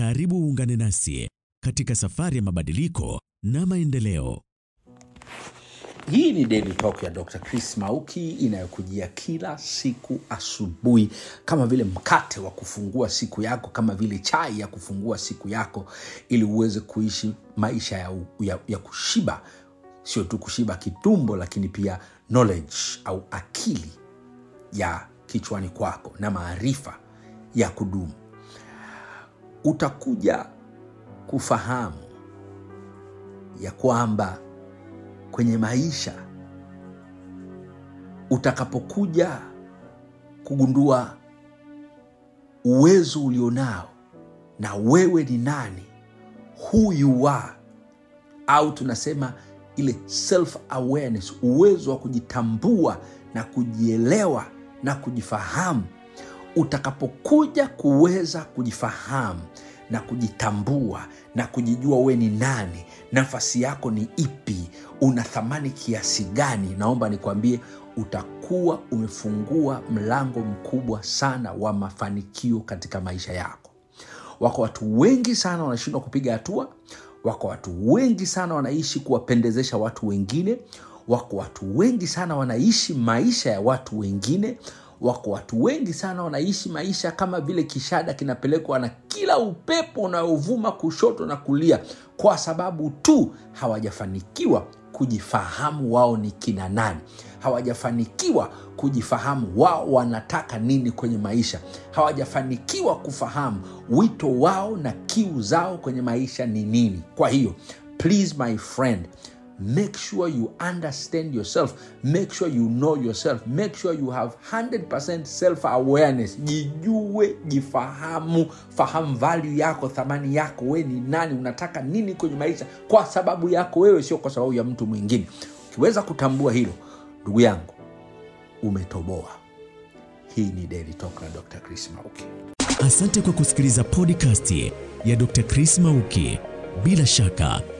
Karibu uungane nasi katika safari ya mabadiliko na maendeleo. Hii ni Daily Talk ya Dr. Chris Mauki inayokujia kila siku asubuhi kama vile mkate wa kufungua siku yako, kama vile chai ya kufungua siku yako, ili uweze kuishi maisha ya, ya, ya kushiba, sio tu kushiba kitumbo, lakini pia knowledge au akili ya kichwani kwako na maarifa ya kudumu utakuja kufahamu ya kwamba kwenye maisha utakapokuja kugundua uwezo ulionao na wewe ni nani, who you are, au tunasema ile self awareness, uwezo wa kujitambua na kujielewa na kujifahamu utakapokuja kuweza kujifahamu na kujitambua na kujijua wewe ni nani, nafasi yako ni ipi, una thamani kiasi gani, naomba nikwambie, utakuwa umefungua mlango mkubwa sana wa mafanikio katika maisha yako. Wako watu wengi sana wanashindwa kupiga hatua. Wako watu wengi sana wanaishi kuwapendezesha watu wengine. Wako watu wengi sana wanaishi maisha ya watu wengine wako watu wengi sana wanaishi maisha kama vile kishada kinapelekwa na kila upepo unayovuma kushoto na kulia kwa sababu tu hawajafanikiwa kujifahamu wao ni kina nani hawajafanikiwa kujifahamu wao wanataka nini kwenye maisha hawajafanikiwa kufahamu wito wao na kiu zao kwenye maisha ni nini kwa hiyo please my friend Make sure you understand yourself. Make sure you know yourself. Make sure you have 100% self awareness. Jijue, jifahamu, fahamu value yako, thamani yako, wewe ni nani, unataka nini kwenye maisha, kwa sababu yako wewe, sio kwa sababu ya mtu mwingine. Ukiweza kutambua hilo, ndugu yangu, umetoboa. Hii ni Daily Talk na Dr. Chris Mauki. Asante kwa kusikiliza podcast ya Dr. Chris Mauki. Bila shaka